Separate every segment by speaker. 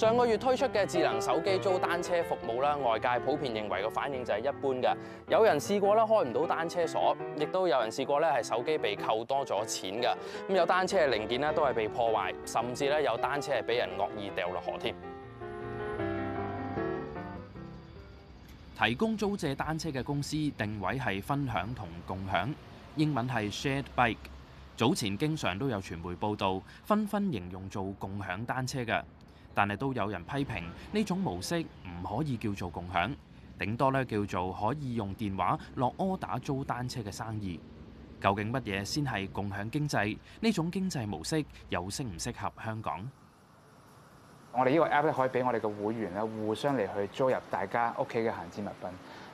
Speaker 1: 上個月推出嘅智能手機租單車服務啦，外界普遍認為個反應就係一般嘅。有人試過咧開唔到單車鎖，亦都有人試過咧係手機被扣多咗錢嘅。咁有單車嘅零件咧都係被破壞，甚至咧有單車係俾人惡意掉落河添。提供租借單車嘅公司定位係分享同共享，英文係 shared bike。早前經常都有傳媒報道，紛紛形容做共享單車嘅。但係都有人批評呢種模式唔可以叫做共享，頂多咧叫做可以用電話落柯打租單車嘅生意。究竟乜嘢先係共享經濟？呢種經濟模式又適唔適合香港？我哋呢個 app 咧可以俾我哋嘅會員咧互相嚟去租入大家屋企嘅閒置物品。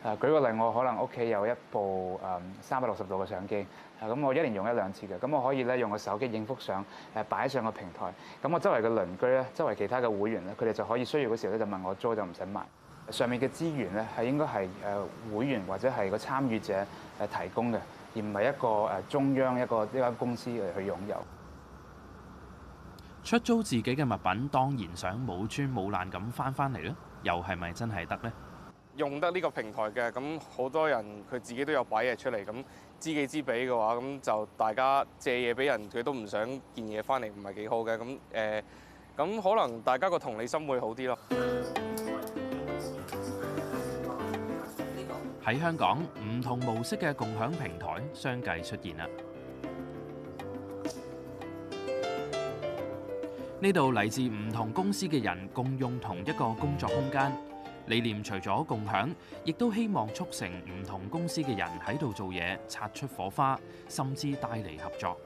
Speaker 1: 誒舉個例，我可能屋企有一部誒三百六十度嘅相機，咁我一年用一兩次嘅，咁我可以咧用個手機影幅相，誒擺上個平台，咁我周圍嘅鄰居咧，周圍其他嘅會員咧，佢哋就可以需要嘅時候咧就問我租就唔使買。上面嘅資源咧係應該係誒會員或者係個參與者誒提供嘅，而唔係一個誒中央一個呢間公司嚟去擁有。出租自己嘅物品，當然想冇穿冇爛咁翻翻嚟啦，又係咪真係得咧？用得呢個平台嘅咁，好多人佢自己都有擺嘢出嚟咁，知己知彼嘅話，咁就大家借嘢俾人，佢都唔想見嘢翻嚟，唔係幾好嘅咁誒。咁可能大家個同理心會好啲咯。喺香港，唔同模式嘅共享平台相繼出現啦。呢度嚟自唔同公司嘅人共用同一個工作空間。理念除咗共享，亦都希望促成唔同公司嘅人喺度做嘢，擦出火花，甚至帶嚟合作。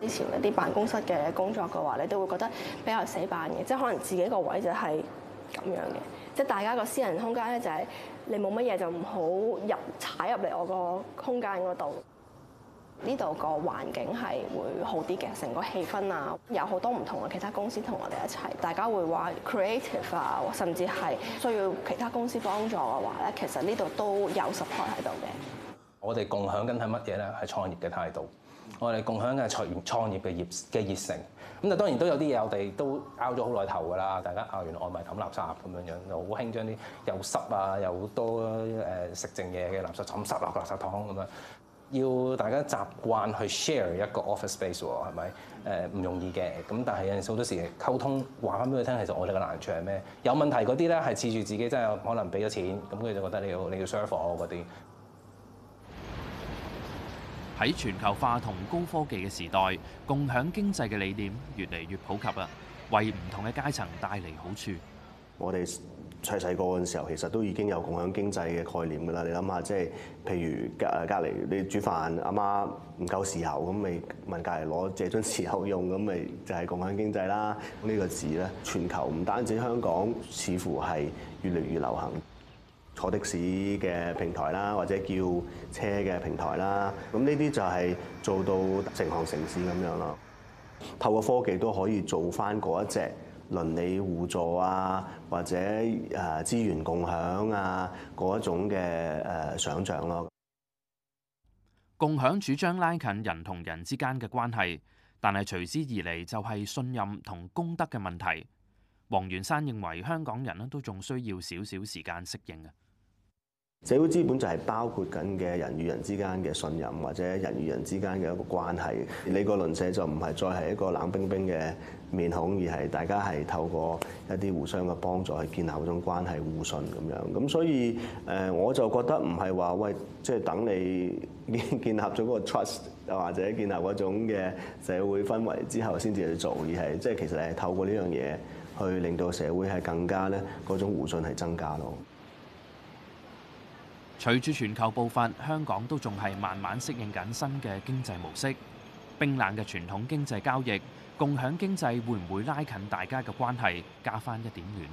Speaker 1: 之前 𠮶 啲辦公室嘅工作嘅話，你都會覺得比較死板嘅，即係可能自己個位就係咁樣嘅，即係大家個私人空間咧就係你冇乜嘢就唔好入踩入嚟我個空間嗰度。呢度個環境係會好啲嘅，成個氣氛啊，有好多唔同嘅其他公司同我哋一齊，大家會話 creative 啊，甚至係需要其他公司幫助嘅話咧，其實呢度都有 support 喺度嘅。我哋共享緊係乜嘢咧？係創業嘅態度。我哋共享嘅係創創業嘅熱嘅熱誠。咁但係當然有都有啲嘢我哋都拗咗好耐頭㗎啦。大家拗完外賣抌垃圾咁樣樣，好興將啲又濕啊又多誒食剩嘢嘅垃圾抌濕落垃圾桶咁樣。要大家習慣去 share 一個 office space 喎，係咪？誒唔容易嘅。咁但係有陣時好多時溝通話翻俾佢聽，其實我哋嘅難處係咩？有問題嗰啲咧係恃住自己，真係可能俾咗錢，咁佢就覺得你要你要 serve 我嗰啲。喺全球化同高科技嘅時代，共
Speaker 2: 享經濟嘅理念越嚟
Speaker 1: 越普及啦，為唔同嘅階層帶嚟好處。
Speaker 2: 我哋細細個嘅時候，其實都已經有共享經濟嘅概念㗎啦。你諗下，即係譬如隔隔離，你煮飯阿媽唔夠豉油，咁咪問隔離攞借樽豉油用，咁咪就係共享經濟啦。呢個字咧，全球唔單止香港，似乎係越嚟越流行。坐的士嘅平台啦，或者叫車嘅平台啦，咁呢啲就係做到成行成市咁樣咯。透過科技都可以做翻嗰一隻。倫理互助啊，或者誒資源共享啊，嗰一種嘅誒想像咯。共享主張拉近人
Speaker 1: 同人之間嘅關係，但係隨之而嚟就係信任同公德嘅問題。黃元山認為香港人呢都仲需要少少時間適應嘅。
Speaker 2: 社會資本就係包括緊嘅人與人之間嘅信任，或者人與人之間嘅一個關係。你個鄰舍就唔係再係一個冷冰冰嘅面孔，而係大家係透過一啲互相嘅幫助去建立嗰種關係互信咁樣。咁所以誒，我就覺得唔係話喂，即係等你建立咗嗰個 trust，或者建立嗰種嘅社會氛圍之後先至去做，而係即係其實係透過呢樣嘢去令到社會係更加咧嗰種互信係增加咯。
Speaker 1: 隨住全球步伐，香港都仲係慢慢適應緊新嘅經濟模式。冰冷嘅傳統經濟
Speaker 2: 交易，共享經濟會唔會拉近大家嘅關係，加返一點暖？